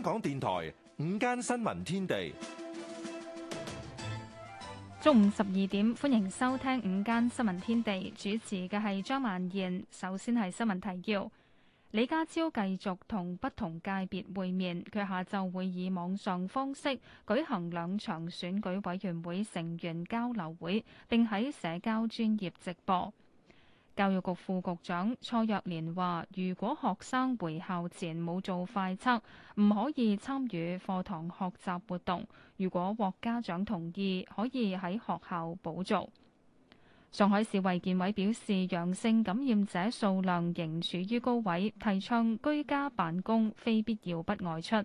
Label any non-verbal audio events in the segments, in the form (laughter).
香港電台午間新聞天地，中午十二點，歡迎收聽午間新聞天地。主持嘅係張曼燕。首先係新聞提要：李家超繼續同不同界別會面，佢下晝會以網上方式舉行兩場選舉委員會成員交流會，並喺社交專業直播。教育局副局長蔡若蓮話，如果學生回校前冇做快測，唔可以參與課堂學習活動。如果獲家長同意，可以喺學校補做。上海市衛健委表示，陽性感染者數量仍處於高位，提倡居家辦公，非必要不外出。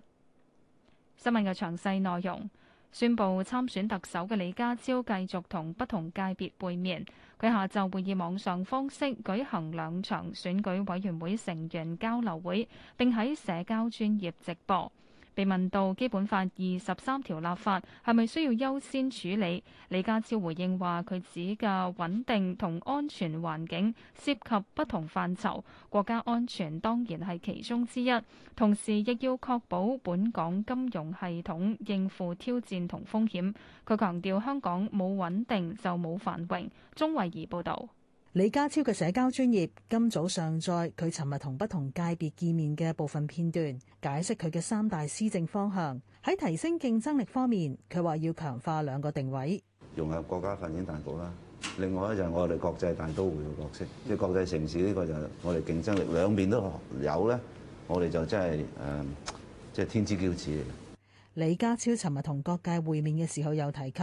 新聞嘅詳細內容。宣布參選特首嘅李家超繼續同不同界別會面。佢下晝會以網上方式舉行兩場選舉委員會成員交流會，並喺社交專業直播。被問到《基本法》二十三條立法係咪需要優先處理，李家超回應話：佢指嘅穩定同安全環境涉及不同範疇，國家安全當然係其中之一。同時亦要確保本港金融系統應付挑戰同風險。佢強調香港冇穩定就冇繁榮。鍾慧儀報導。李家超嘅社交專業，今早上載佢尋日同不同界別見面嘅部分片段，解釋佢嘅三大施政方向。喺提升競爭力方面，佢話要強化兩個定位：融合國家發展大局啦，另外咧就係我哋國際大都會嘅角色，即係國際城市呢個就係我哋競爭力兩面都有咧，我哋就真係誒，即、呃、係天之驕子嚟。李家超尋日同各界會面嘅時候，有提及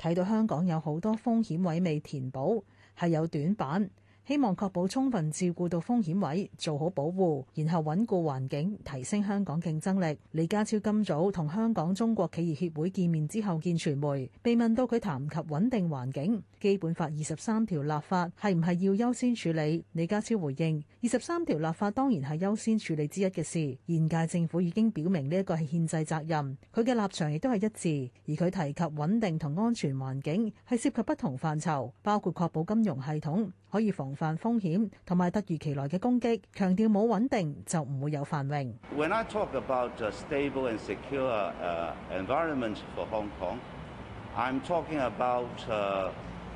睇到香港有好多風險位未填補。係有短板，希望確保充分照顧到風險位，做好保護，然後穩固環境，提升香港競爭力。李家超今早同香港中國企業協會見面之後，見傳媒，被問到佢談及穩定環境。基本法二十三條立法係唔係要優先處理？李家超回應：二十三條立法當然係優先處理之一嘅事。現屆政府已經表明呢一個係憲制責任，佢嘅立場亦都係一致。而佢提及穩定同安全環境係涉及不同範疇，包括確保金融系統可以防範風險同埋突如其來嘅攻擊。強調冇穩定就唔會有繁榮。When I talk about stable and secure environment for Hong Kong, I'm talking about, uh,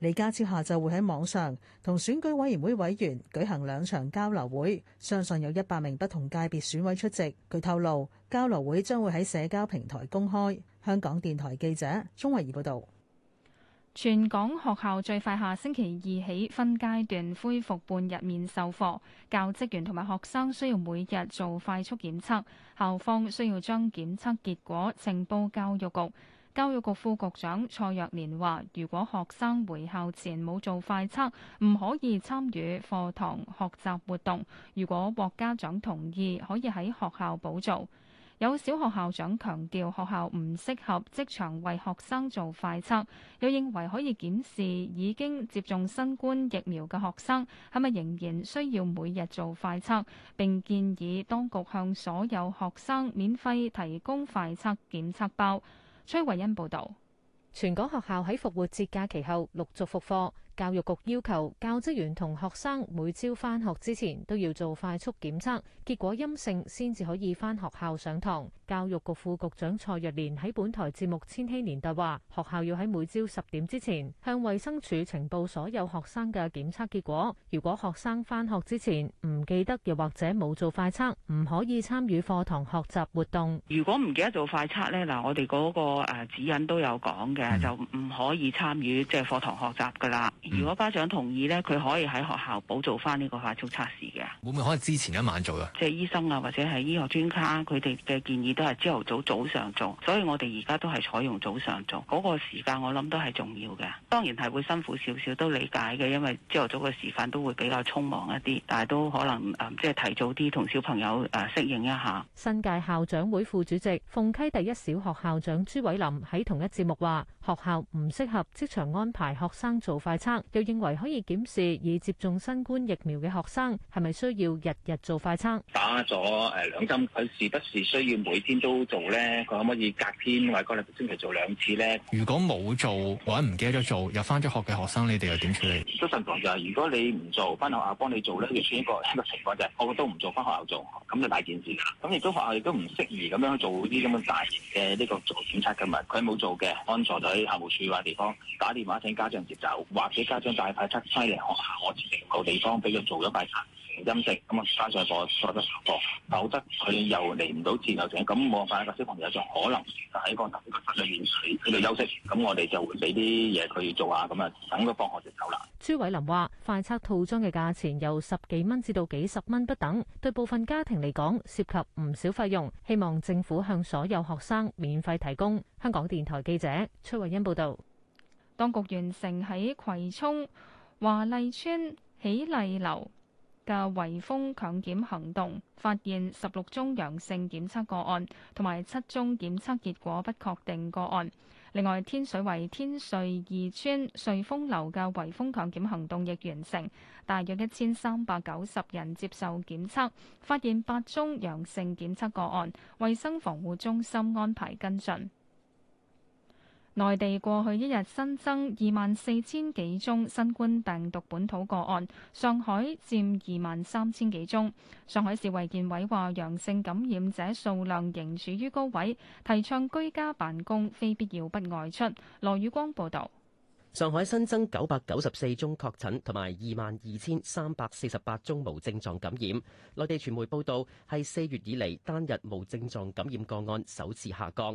李家超下晝會喺網上同選舉委員會委員舉行兩場交流會，相信有一百名不同界別選委出席。佢透露交流會將會喺社交平台公開。香港電台記者鍾慧儀報導。全港學校最快下星期二起分階段恢復半日面授課，教職員同埋學生需要每日做快速檢測，校方需要將檢測結果呈報教育局。教育局副局長蔡若蓮話，如果學生回校前冇做快測，唔可以參與課堂學習活動。如果獲家長同意，可以喺學校補做。有小學校長強調，學校唔適合即場為學生做快測，又認為可以檢視已經接種新冠疫苗嘅學生係咪仍然需要每日做快測，並建議當局向所有學生免費提供快測檢測包。崔慧欣報道：全港學校喺復活節假期後陸續復課。教育局要求教職員同學生每朝翻學之前都要做快速檢測，結果陰性先至可以翻學校上堂。教育局副局長蔡若蓮喺本台節目千禧年代話，學校要喺每朝十點之前向衛生署呈報，所有學生嘅檢測結果。如果學生翻學之前唔記得又或者冇做快測，唔可以參與課堂學習活動。如果唔記得做快測咧，嗱我哋嗰個誒指引都有講嘅，就唔可以參與即係課堂學習噶啦。如果家長同意呢佢可以喺學校補做翻呢個快速測試嘅。會唔會可能之前一晚做㗎？即係醫生啊，或者係醫學專家，佢哋嘅建議都係朝頭早早上做，所以我哋而家都係採用早上做嗰個時間，我諗都係重要嘅。當然係會辛苦少少，都理解嘅，因為朝頭早個時份都會比較匆忙一啲，但係都可能誒、呃，即係提早啲同小朋友誒、呃、適應一下。新界校長會副主席、鳳溪第一小學校長朱偉林喺同一節目話。學校唔適合即場安排學生做快測，又認為可以檢視已接種新冠疫苗嘅學生係咪需要日日做快測。打咗誒兩針，佢是不是需要每天都做咧？佢可唔可以隔天或者個禮拜星期做兩次咧？如果冇做或者唔記得咗做又翻咗學嘅學生，你哋又點處理？都相同就係如果你唔做，翻學校幫你做咧，就算一個一個情況啫。我哋都唔做，翻學校做，咁就大件事啦。咁亦都學校亦都唔適宜咁樣做啲咁嘅大型嘅呢個做檢測嘅物。佢冇做嘅，幫助就。喺校務處嘅地方，打電話請家長接走，或者家長帶派出西嚟學校，我自己個地方俾佢做咗拜。陰性咁啊，翻上課再得上課，否則佢又嚟唔到治療症咁，冇曬一個小朋友，仲可能就喺個特殊病房裏面喺度休息。咁我哋就會俾啲嘢佢做下，咁啊等佢放學就走啦。朱偉林話：快測套裝嘅價錢由十幾蚊至到幾十蚊不等，對部分家庭嚟講涉及唔少費用。希望政府向所有學生免費提供。香港電台記者崔慧欣報道。當局完成喺葵涌華麗邨喜麗樓嘅圍封強檢行動，發現十六宗陽性檢測個案，同埋七宗檢測結果不確定個案。另外，天水圍天瑞二村瑞豐樓嘅圍封強檢行動亦完成，大約一千三百九十人接受檢測，發現八宗陽性檢測個案，衛生防護中心安排跟進。內地過去一日新增二萬四千幾宗新冠病毒本土個案，上海佔二萬三千幾宗。上海市衛健委話，陽性感染者數量仍處於高位，提倡居家辦公，非必要不外出。羅宇光報導。上海新增九百九十四宗確診同埋二萬二千三百四十八宗無症狀感染。內地傳媒報導，係四月以嚟單日無症狀感染個案首次下降。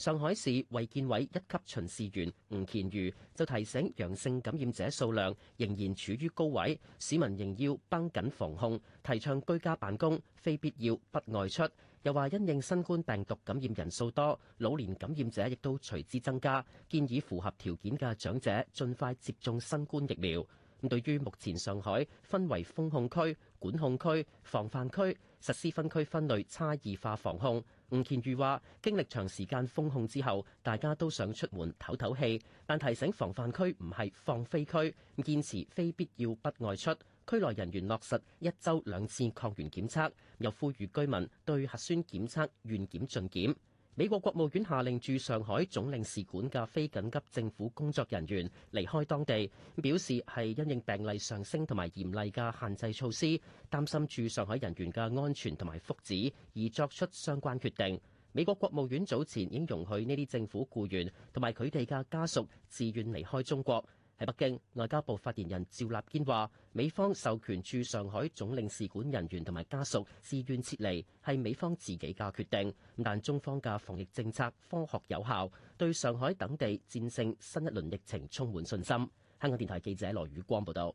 上海市衛健委一級巡視員吳乾瑜就提醒，陽性感染者數量仍然處於高位，市民仍要繃緊防控，提倡居家辦公，非必要不外出。又話因應新冠病毒感染人數多，老年感染者亦都隨之增加，建議符合條件嘅長者盡快接種新冠疫苗。對於目前上海分為封控區、管控區、防範區，實施分區分類差異化防控。吳健余話：經歷長時間封控之後，大家都想出門透透氣，但提醒防範區唔係放飛區，堅持非必要不外出。區內人員落實一周兩次抗原檢測，又呼籲居民對核酸檢測願檢盡檢。美國國務院下令駐上海總領事館嘅非緊急政府工作人員離開當地，表示係因應病例上升同埋嚴厲嘅限制措施，擔心駐上海人員嘅安全同埋福祉，而作出相關決定。美國國務院早前已經容許呢啲政府雇員同埋佢哋嘅家屬自願離開中國。喺北京，外交部發言人趙立堅話美方授權駐上海總領事館人員同埋家屬自願撤離，係美方自己嘅決定。但中方嘅防疫政策科學有效，對上海等地戰勝新一輪疫情充滿信心。香港電台記者羅宇光報道。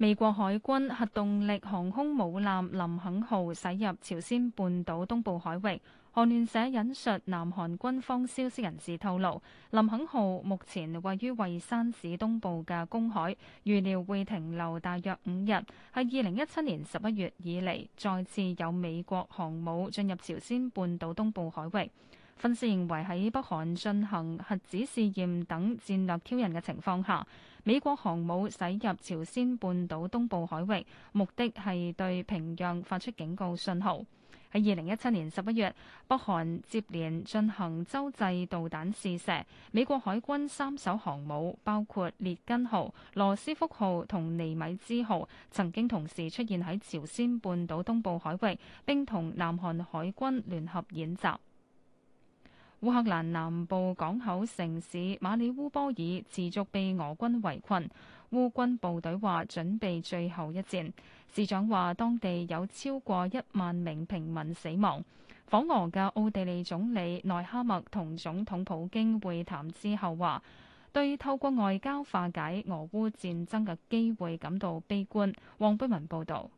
美國海軍核動力航空母艦林肯號駛入朝鮮半島東部海域。韓聯社引述南韓軍方消息人士透露，林肯號目前位於蔚山市東部嘅公海，預料會停留大約五日。係二零一七年十一月以嚟，再次有美國航母進入朝鮮半島東部海域。分析認為，喺北韓進行核子試驗等戰略挑釁嘅情況下，美國航母駛入朝鮮半島東部海域，目的係對平壤發出警告信號。喺二零一七年十一月，北韓接連進行洲際導彈試射，美國海軍三艘航母，包括列根號、羅斯福號同尼米茲號，曾經同時出現喺朝鮮半島東部海域，並同南韓海軍聯合演習。烏克蘭南部港口城市馬里烏波爾持續被俄軍圍困，烏軍部隊話準備最後一戰。市長話當地有超過一萬名平民死亡。訪俄嘅奧地利總理內哈默同總統普京會談之後話，對透過外交化解俄烏戰爭嘅機會感到悲觀。黃不文報道，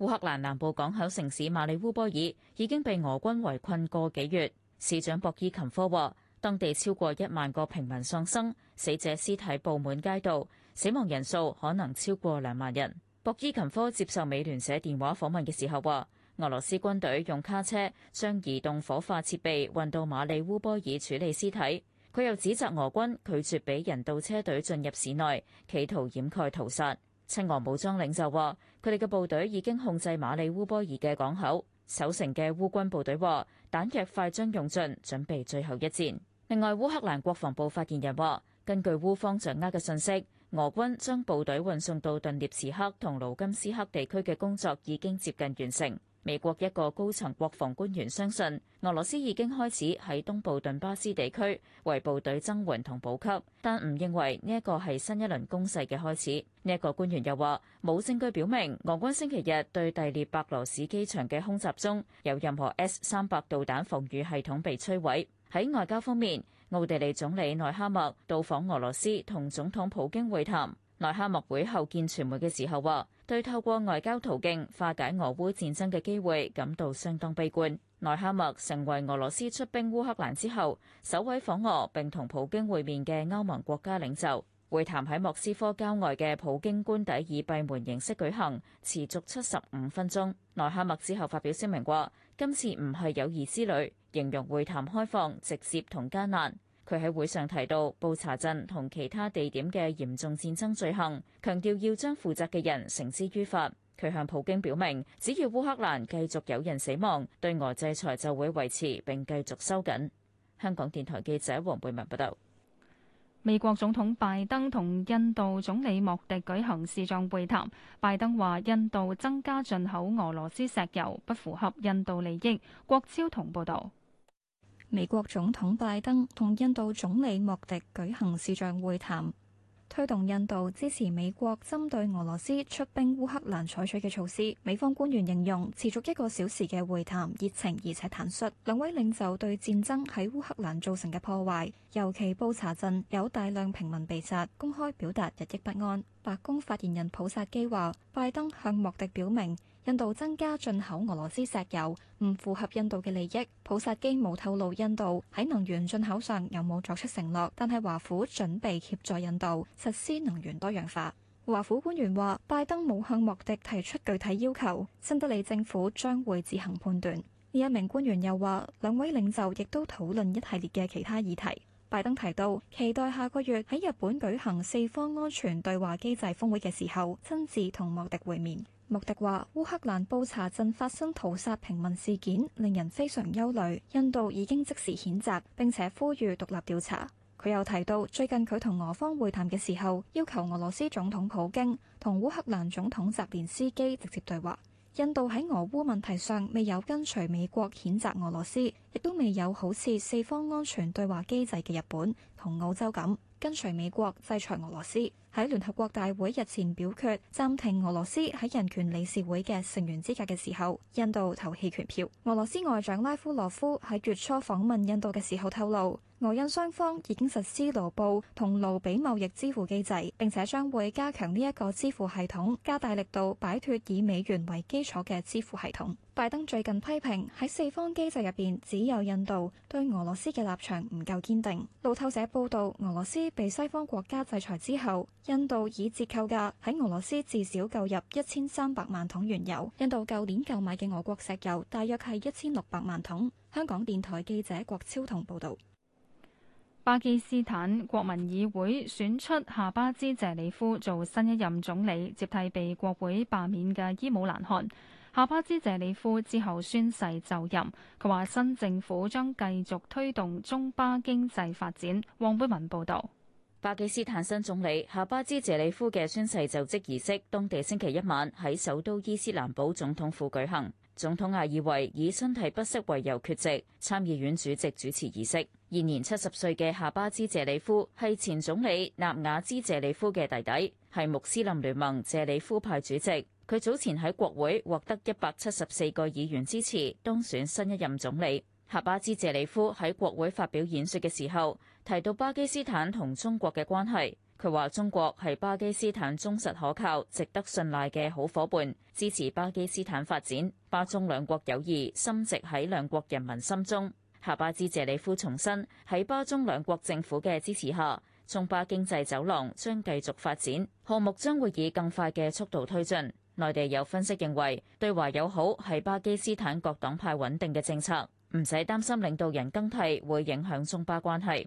烏克蘭南部港口城市馬里烏波爾已經被俄軍圍困個幾月。市長博伊琴科話：當地超過一萬個平民喪生，死者屍體布滿街道，死亡人數可能超過兩萬人。博伊琴科接受美聯社電話訪問嘅時候話：俄羅斯軍隊用卡車將移動火化設備運到馬里烏波爾處理屍體。佢又指責俄軍拒絕俾人道車隊進入市內，企圖掩蓋屠殺。親俄武裝領袖話：佢哋嘅部隊已經控制馬里烏波爾嘅港口。守城嘅烏軍部隊話，彈藥快將用盡，準備最後一戰。另外，烏克蘭國防部發言人話，根據烏方掌握嘅信息，俄軍將部隊運送到頓涅茨克同盧甘斯克地區嘅工作已經接近完成。美國一個高層國防官員相信，俄羅斯已經開始喺東部頓巴斯地區為部隊增援同補給，但唔認為呢一個係新一輪攻勢嘅開始。呢、這、一個官員又話：冇證據表明俄軍星期日對第列白羅斯機場嘅空襲中有任何 S 三百導彈防禦系統被摧毀。喺外交方面，奧地利總理內哈默到訪俄羅斯同總統普京會談。內哈默會後見傳媒嘅時候話。對透過外交途徑化解俄烏戰爭嘅機會感到相當悲觀。內哈默成為俄羅斯出兵烏克蘭之後首位訪俄並同普京會面嘅歐盟國家領袖。會談喺莫斯科郊外嘅普京官邸以閉門形式舉行，持續七十五分鐘。內哈默之後發表聲明話：今次唔係友誼之旅，形容會談開放、直接同艱難。佢喺會上提到布查鎮同其他地點嘅嚴重戰爭罪行，強調要將負責嘅人繩之於法。佢向普京表明，只要烏克蘭繼續有人死亡，對俄制裁就會維持並繼續收緊。香港電台記者黃貝文報道。美國總統拜登同印度總理莫迪舉行視像會談，拜登話印度增加進口俄羅斯石油不符合印度利益。郭超同報道。美國總統拜登同印度總理莫迪舉行視像會談，推動印度支持美國針對俄羅斯出兵烏克蘭採取嘅措施。美方官員形容持續一個小時嘅會談熱情而且坦率。兩位領袖對戰爭喺烏克蘭造成嘅破壞，尤其布查鎮有大量平民被殺，公開表達日益不安。白宮發言人普薩基話，拜登向莫迪表明，印度增加進口俄羅斯石油唔符合印度嘅利益。普薩基冇透露印度喺能源進口上有冇作出承諾，但係華府準備協助印度實施能源多樣化。華府官員話，拜登冇向莫迪提出具體要求，新德里政府將會自行判斷。另一名官員又話，兩位領袖亦都討論一系列嘅其他議題。拜登提到，期待下個月喺日本舉行四方安全對話機制峰會嘅時候，親自同莫迪會面。莫迪話，烏克蘭布查鎮發生屠殺平民事件，令人非常憂慮。印度已經即時譴責，並且呼籲獨立調查。佢又提到，最近佢同俄方會談嘅時候，要求俄羅斯總統普京同烏克蘭總統澤連斯基直接對話。印度喺俄烏問題上未有跟隨美國譴責俄羅斯，亦都未有好似四方安全對話機制嘅日本同澳洲咁跟隨美國制裁俄羅斯。喺聯合國大會日前表決暫停俄羅斯喺人權理事會嘅成員資格嘅時候，印度投棄權票。俄羅斯外長拉夫羅夫喺月初訪問印度嘅時候透露，俄印雙方已經實施盧布同盧比貿易支付機制，並且將會加強呢一個支付系統，加大力度擺脱以美元為基礎嘅支付系統。拜登最近批評喺四方機制入邊，只有印度對俄羅斯嘅立場唔夠堅定。路透社報道，俄羅斯被西方國家制裁之後，印度以折扣價喺俄羅斯至少購入一千三百萬桶原油。印度舊年購買嘅俄國石油大約係一千六百萬桶。香港電台記者郭超彤報導。巴基斯坦國民議會選出夏巴茲謝里夫做新一任總理，接替被國會罷免嘅伊姆蘭汗。夏巴茲謝里夫之後宣誓就任，佢話新政府將繼續推動中巴經濟發展。黃惠文報導。巴基斯坦新總理夏巴茲謝里夫嘅宣誓就職儀式，當地星期一晚喺首都伊斯蘭堡總統府舉行。總統阿爾維以身體不適為由缺席，參議院主席主持儀式。現年七十歲嘅夏巴茲謝里夫係前總理納瓦茲謝里夫嘅弟弟，係穆斯林聯盟謝里夫派主席。佢早前喺國會獲得一百七十四個議員支持，當選新一任總理。夏巴茲謝里夫喺國會發表演說嘅時候，提到巴基斯坦同中國嘅關係，佢話中國係巴基斯坦忠實可靠、值得信賴嘅好夥伴，支持巴基斯坦發展巴中兩國友誼，深植喺兩國人民心中。夏巴茲謝里夫重申喺巴中兩國政府嘅支持下，中巴經濟走廊將繼續發展，項目將會以更快嘅速度推進。內地有分析認為，對華友好係巴基斯坦各黨派穩定嘅政策，唔使擔心領導人更替會影響中巴關係。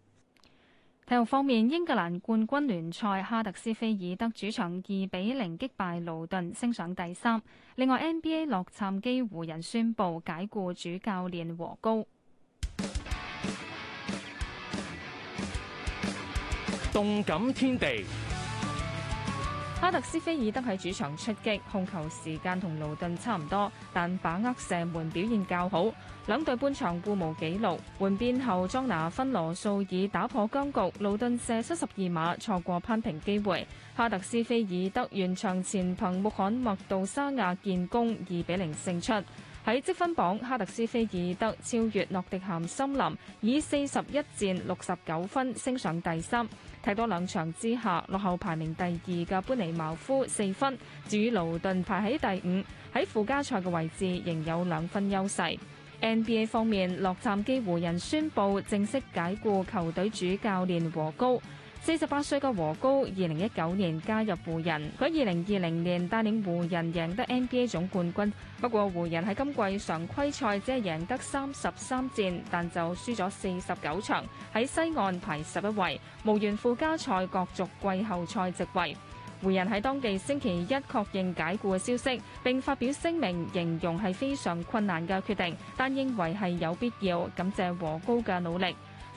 體育方面，英格蘭冠軍聯賽哈特斯菲爾德主場二比零擊敗勞頓，升上第三。另外，NBA 洛杉磯湖人宣布解雇主教練和高。動感天地。哈特斯菲爾德喺主場出擊，控球時間同盧頓差唔多，但把握射門表現較好。兩隊半場互無紀錄，換邊後莊拿芬羅素已打破僵局，盧頓射七十二碼，錯過攀平機會。哈特斯菲爾德完場前憑穆罕默杜沙亞建功二比零勝出。喺積分榜，哈特斯菲爾德超越諾迪咸森林，以四十一戰六十九分升上第三。踢多兩場之下，落後排名第二嘅班尼茅夫四分。至於勞頓排喺第五，喺附加賽嘅位置仍有兩分優勢。NBA 方面，洛杉磯湖人宣布正式解雇球隊主教練和高。四十八歲嘅和高，二零一九年加入湖人。佢二零二零年帶領湖人贏得 NBA 總冠軍。不過湖人喺今季常規賽只係贏得三十三戰，但就輸咗四十九場，喺西岸排十一位，無緣附加賽角逐季後賽席位。湖人喺當地星期一確認解僱嘅消息，並發表聲明形容係非常困難嘅決定，但認為係有必要，感謝和高嘅努力。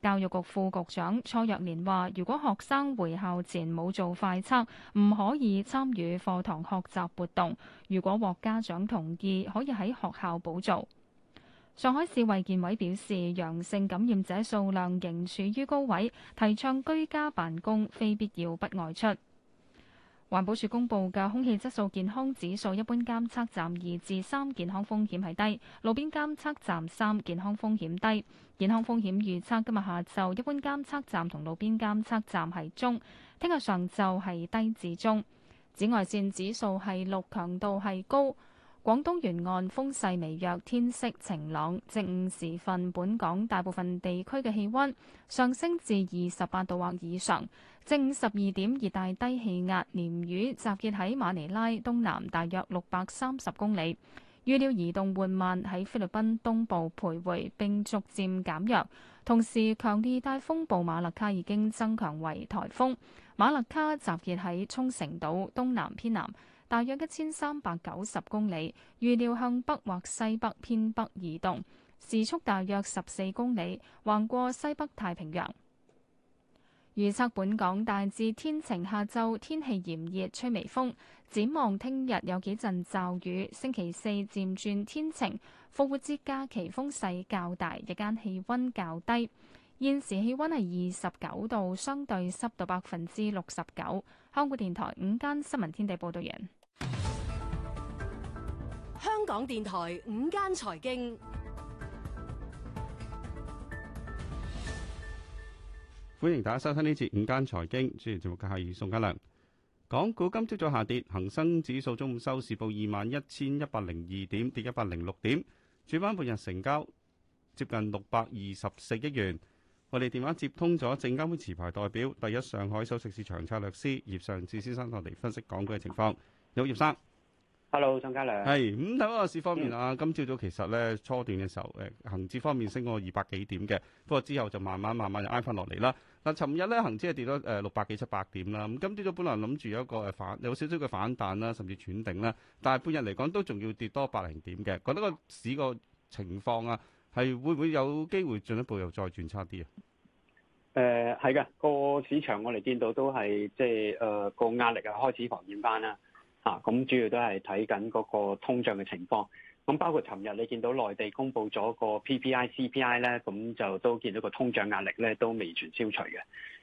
教育局副局長蔡若蓮話，如果學生回校前冇做快測，唔可以參與課堂學習活動。如果獲家長同意，可以喺學校補做。上海市衛健委表示，陽性感染者數量仍處於高位，提倡居家辦公，非必要不外出。環保署公布嘅空氣質素健康指數，一般監測站二至三，健康風險係低；路邊監測站三，健康風險低。健康風險預測今日下晝一般監測站同路邊監測站係中，聽日上晝係低至中。紫外線指數係六，強度係高。廣東沿岸風勢微弱，天色晴朗。正午時分，本港大部分地區嘅氣温上升至二十八度或以上。正十二點，熱帶低氣壓鯰魚集結喺馬尼拉東南大約六百三十公里，預料移動緩慢喺菲律賓東部徘徊並逐漸減弱。同時，強烈熱帶風暴馬勒卡已經增強為颱風馬勒卡，集結喺沖繩島東南偏南大約一千三百九十公里，預料向北或西北偏北移動，時速大約十四公里，橫過西北太平洋。預測本港大致天晴，下晝天氣炎熱，吹微風。展望聽日有幾陣驟雨，星期四漸轉天晴。復活節假期風勢較大，日間氣溫較低。現時氣溫係二十九度，相對濕度百分之六十九。香港電台午間新聞天地報道完。香港電台午間財經。歡迎大家收聽呢次午間財經，主持節目嘅係宋嘉良。港股今朝早下跌，恒生指數中午收市報二萬一千一百零二點，跌一百零六點。主板半日成交接近六百二十四億元。我哋電話接通咗證監會持牌代表、第一上海首席市場策略師葉尚志先生，同我哋分析港股嘅情況。有葉生，Hello，宋嘉良。係咁，睇翻個市方面啊，今朝早，早其實咧初段嘅時候，誒，恒指方面升過二百幾點嘅，不過之後就慢慢慢慢就挨翻落嚟啦。嗱，尋日咧，恒指係跌咗誒六百幾七百點啦。咁今朝早本來諗住有一個誒反有少少嘅反彈啦，甚至轉頂啦，但係半日嚟講都仲要跌多百零點嘅。覺得個市個情況啊，係會唔會有機會進一步又再轉差啲啊？誒、呃，係嘅個市場，我哋見到都係即係誒個壓力啊開始浮現翻啦。嚇、啊，咁主要都係睇緊嗰個通脹嘅情況。咁包括尋日你見到內地公布咗個 PPI、CPI 咧，咁就都見到個通脹壓力咧都未全消除嘅。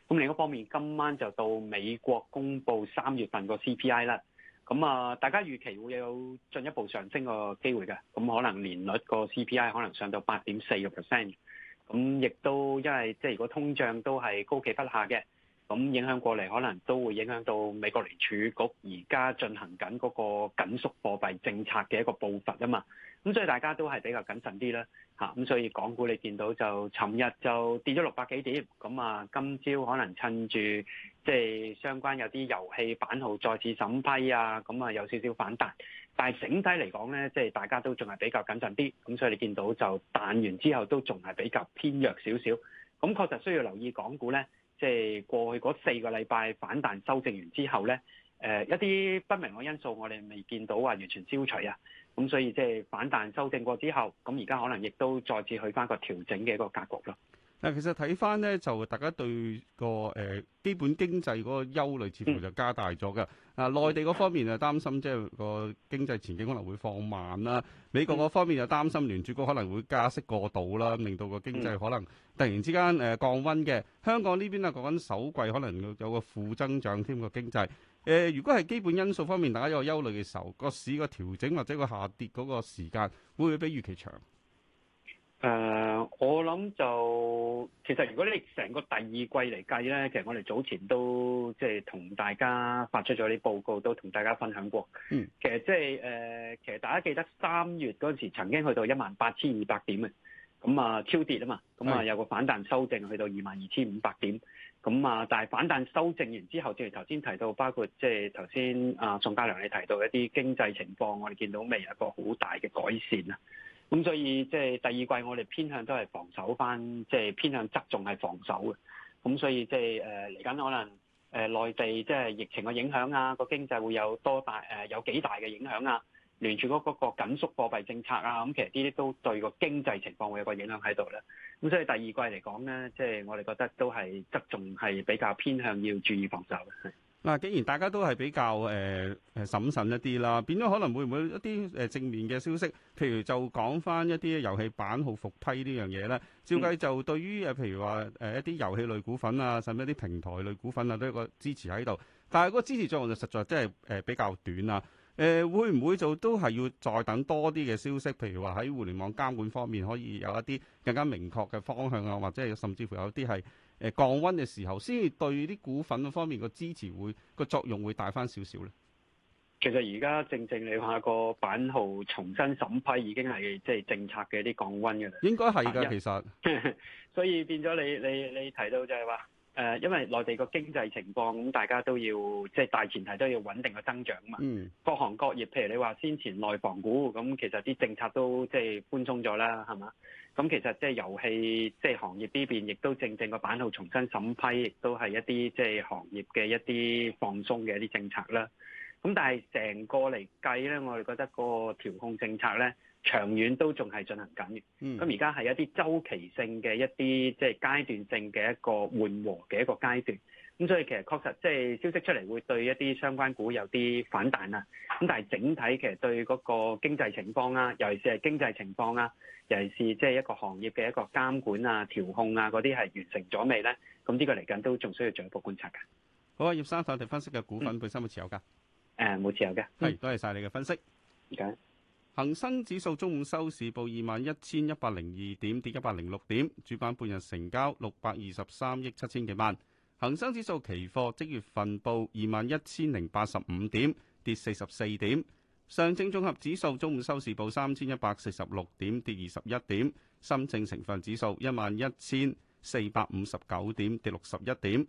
咁另一方面，今晚就到美國公布三月份個 CPI 啦。咁啊，大家預期會有進一步上升個機會嘅。咁可能年率個 CPI 可能上到八點四個 percent。咁亦都因為即係如果通脹都係高企不下嘅。咁影響過嚟，可能都會影響到美國聯儲局而家進行緊嗰個緊縮貨幣政策嘅一個步伐啊嘛，咁所以大家都係比較謹慎啲啦，嚇、啊、咁所以港股你見到就尋日就跌咗六百幾點，咁啊今朝可能趁住即係相關有啲遊戲版號再次審批啊，咁啊有少少反彈，但係整體嚟講咧，即係大家都仲係比較謹慎啲，咁所以你見到就彈完之後都仲係比較偏弱少少，咁確實需要留意港股咧。即係過去嗰四個禮拜反彈修正完之後呢，誒、呃、一啲不明嘅因素我哋未見到話完全消除啊，咁所以即係反彈修正過之後，咁而家可能亦都再次去翻個調整嘅一個格局咯。嗱，其實睇翻咧，就大家對個誒、呃、基本經濟嗰個憂慮似乎就加大咗嘅。嗱、呃，內地嗰方面啊，擔心即係個經濟前景可能會放慢啦；美國嗰方面就擔心聯儲局可能會加息過度啦，令到個經濟可能突然之間誒、呃、降溫嘅。香港呢邊啊講緊首季可能有個負增長添個經濟。誒、呃，如果係基本因素方面，大家有個憂慮嘅時候，個市個調整或者個下跌嗰個時間會唔會比預期長？誒，uh, 我諗就其實如果你成個第二季嚟計咧，其實我哋早前都即係同大家發出咗啲報告，都同大家分享過。嗯，其實即係誒，其實大家記得三月嗰陣時曾經去到一萬八千二百點嘅，咁、嗯、啊超跌啊嘛，咁、嗯、啊是有個反彈修正去到二萬二千五百點，咁、嗯、啊但係反彈修正完之後，正如頭先提到，包括即係頭先阿宋嘉良你提到一啲經濟情況，我哋見到未有，有一個好大嘅改善啊？咁所以即係第二季，我哋偏向都係防守翻，即係偏向側重係防守嘅。咁所以即係誒嚟緊可能誒內地即係疫情嘅影響啊，個經濟會有多大誒、呃、有幾大嘅影響啊？聯儲嗰嗰個緊縮貨幣政策啊，咁、嗯、其實呢啲都對個經濟情況會有個影響喺度咧。咁所以第二季嚟講咧，即係我哋覺得都係側重係比較偏向要注意防守嘅。嗱，既、啊、然大家都係比較誒誒審慎一啲啦，變咗可能會唔會一啲誒、呃、正面嘅消息，譬如就講翻一啲遊戲版號復批呢、嗯、樣嘢咧？照計就對於誒，譬如話誒、呃、一啲遊戲類股份啊，甚至一啲平台類股份啊，都有一個支持喺度。但係嗰個支持作用就實在即係誒比較短啊。誒、呃、會唔會就都係要再等多啲嘅消息？譬如話喺互聯網監管方面可以有一啲更加明確嘅方向啊，或者甚至乎有啲係。誒，降溫嘅時候，先對啲股份方面個支持會個作用會大翻少少咧。其實而家正正你話個版號重新審批，已經係即係政策嘅啲降溫嘅啦。應該係噶，其實人， (laughs) 所以變咗你你你提到就係、是、話。誒，因為內地個經濟情況，咁大家都要即係、就是、大前提都要穩定嘅增長啊嘛。嗯，各行各業，譬如你話先前內房股，咁其實啲政策都即係、就是、寬鬆咗啦，係嘛？咁其實即係遊戲即係行業呢邊，亦都正正個版號重新審批，亦都係一啲即係行業嘅一啲放鬆嘅一啲政策啦。咁但係成個嚟計咧，我哋覺得嗰個調控政策咧，長遠都仲係進行緊嘅，咁而家係一啲周期性嘅一啲即係階段性嘅一個緩和嘅一個階段，咁所以其實確實即係消息出嚟會對一啲相關股有啲反彈啦，咁但係整體其實對嗰個經濟情況啦，尤其是係經濟情況啦，尤其是即係一個行業嘅一個監管啊、調控啊嗰啲係完成咗未咧？咁呢個嚟緊都仲需要進一步觀察嘅。好啊，葉生，頭條分析嘅股份本身、嗯、有冇持有噶？誒、呃，冇持有嘅。係、嗯，多謝晒你嘅分析。唔該。恒生指數中午收市報二萬一千一百零二點，跌一百零六點。主板半日成交六百二十三億七千幾萬。恒生指數期貨即月份報二萬一千零八十五點，跌四十四點。上證綜合指數中午收市報三千一百四十六點，跌二十一點。深證成分指數一萬一千四百五十九點，跌六十一點。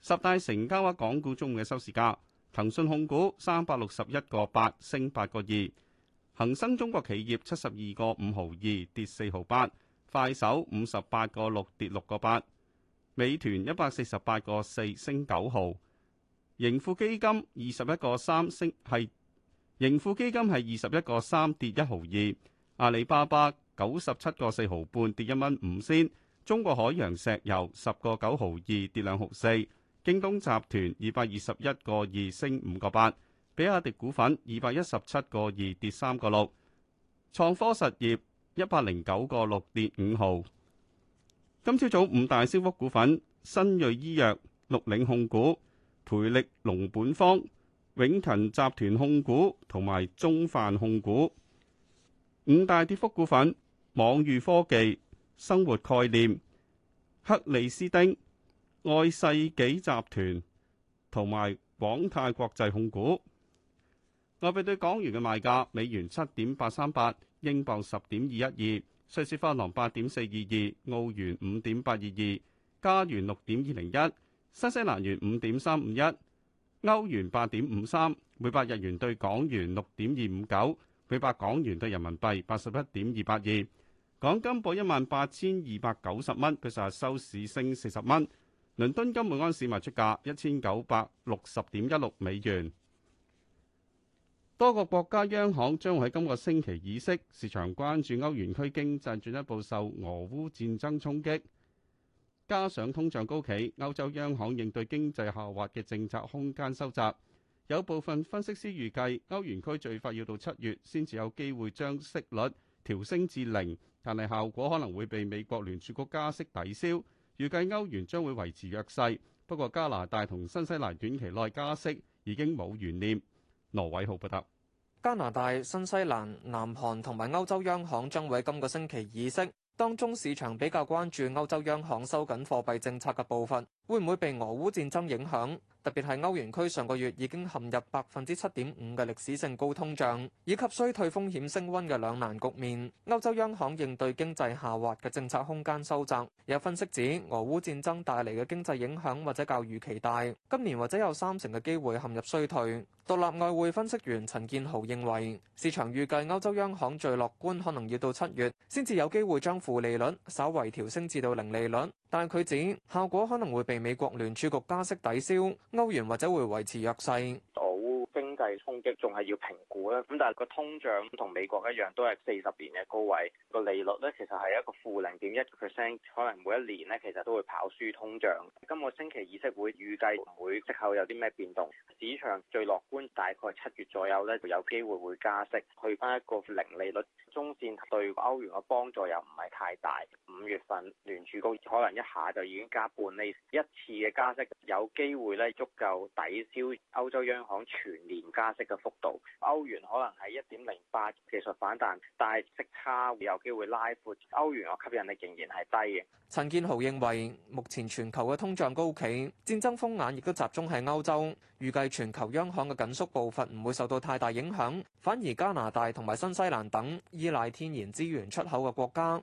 十大成交股港股中午嘅收市價，騰訊控股三百六十一個八，升八個二。恒生中國企業七十二個五毫二跌四毫八，快手五十八個六跌六個八，美團一百四十八個四升九毫，盈富基金二十一個三升係盈富基金係二十一個三跌一毫二，阿里巴巴九十七個四毫半跌一蚊五仙，中國海洋石油十個九毫二跌兩毫四，京東集團二百二十一個二升五個八。比亞迪股份二百一十七個二跌三個六，創科實業一百零九個六跌五毫。今朝早五大升幅股份：新瑞醫藥、綠領控股、培力龍本方、永勤集團控股同埋中泛控股。五大跌幅股份：網譽科技、生活概念、克里斯汀、愛世紀集團同埋廣泰國際控股。外幣對港元嘅賣價：美元七點八三八，英鎊十點二一二，瑞士法郎八點四二二，澳元五點八二二，加元六點二零一，新西蘭元五點三五一，歐元八點五三，每百日元對港元六點二五九，每百港元對人民幣八十一點二八二。港金報一萬八千二百九十蚊，佢實收市升四十蚊。倫敦金每安士賣出價一千九百六十點一六美元。多個國家央行將會喺今個星期議息，市場關注歐元區經濟進一步受俄烏戰爭衝擊，加上通脹高企，歐洲央行應對經濟下滑嘅政策空間收窄。有部分分析師預計，歐元區最快要到七月先至有機會將息率調升至零，但係效果可能會被美國聯儲局加息抵消。預計歐元將會維持弱勢，不過加拿大同新西蘭短期內加息已經冇懸念。羅偉浩報道。加拿大、新西蘭、南韓同埋歐洲央行將會今個星期議息，當中市場比較關注歐洲央行收緊貨幣政策嘅部分，會唔會被俄烏戰爭影響？特別係歐元區上個月已經陷入百分之七點五嘅歷史性高通脹，以及衰退風險升溫嘅兩難局面。歐洲央行應對經濟下滑嘅政策空間收窄。有分析指，俄烏戰爭帶嚟嘅經濟影響或者較預期大，今年或者有三成嘅機會陷入衰退。獨立外匯分析員陳建豪認為，市場預計歐洲央行最樂觀可能要到七月，先至有機會將負利率稍為調升至到零利率。但佢指效果可能會被美國聯儲局加息抵消，歐元或者會維持弱勢。 (noise) 亦仲係要評估啦。咁但係個通脹同美國一樣都係四十年嘅高位，個利率咧其實係一個負零點一 percent，可能每一年咧其實都會跑輸通脹。今個星期議息會預計唔會息口有啲咩變動，市場最樂觀大概七月左右咧就有機會會加息，去翻一個零利率，中線對歐元嘅幫助又唔係太大。五月份聯儲局可能一下就已經加半厘一次嘅加息，有機會咧足夠抵消歐洲央行全年加息。幅度歐元可能係一點零八技術反彈，但係息差會有機會拉闊，歐元嘅吸引力仍然係低嘅。陳建豪認為目前全球嘅通脹高企，戰爭風眼亦都集中喺歐洲。預計全球央行嘅緊縮步伐唔會受到太大影響，反而加拿大同埋新西蘭等依賴天然資源出口嘅國家。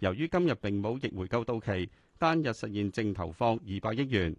由於今日並冇逆回購到期，單日實現淨投放二百億元。